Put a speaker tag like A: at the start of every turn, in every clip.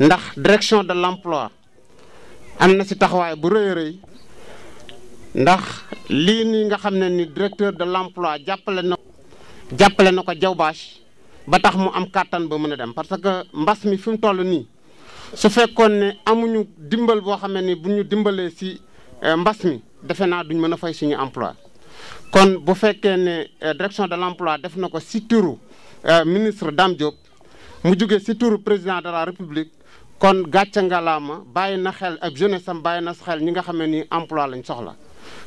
A: Hmm? ndax direction de l'emploi am na si taxawaay bu rëy rëy ndax lii nii nga xam ne ni directeur de l'emploi jàppale na jàppale na ko jawbaas ba tax mu am kàttan ba mën a dem parce que mbas mi fi mu toll nii su fekkoon ne amuñu dimbal boo xam ne ni bu ñu dimbalee si euh, mbas mi defe naa duñ mën a fay suñu emploi kon bu fekkee ne euh, direction de l'emploi def na ko ci turu euh, ministre Dame Diop mu jóge si turu président de la république kon gàcce ngalaama bàyyi na xel ak jeunesse am bàyyi na xel ñi nga xam ne nii emploi lañ soxla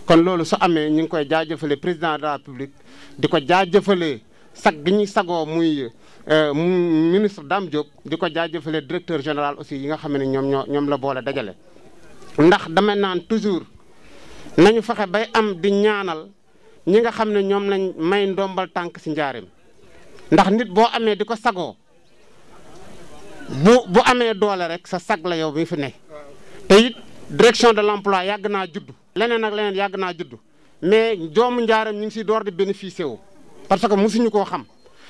A: kon loolu su amee ñu ngi koy jaajëfalee président de la république di ko jaajëfalee sag gi ñuy sagoo muy euh, ministre Dame Diop di ko jaajëfalee directeur général aussi yi nga xam ne ñoom ñoo ñoom la boole dajale. ndax dama naan toujours nañu fexe bay am di ñaanal ñi nga xam ne ñoom lañ may ndombal tànk si njaarim ndax nit boo amee di ko sagoo. bu bu amee doole rek sa sagla yow bi fi ne te it direction de l'emploi yàgg naa judd leneen ak leneen yàgg naa judd mais doomu njaaram ñu ngi siy door di bénéficier wu parce que mosuñu koo xam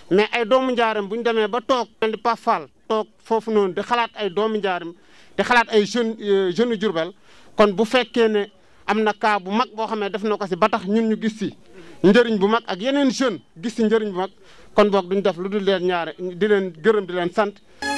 A: mais ay doomu njaaram bu ñu demee ba toog mel ni Pape Fall toog foofu noonu di xalaat ay doomu njaaram di xalaat ay jeunes euh, jeunes Jurbel kon bu fekkee ne am na kaa bu mag boo xam ne def na ko si ba tax ñun ñu gis si njëriñ bu mag ak yeneen jeune gis si njëriñ bu mag kon boog duñ def lu dul leen ñaare di leen gërëm di leen sant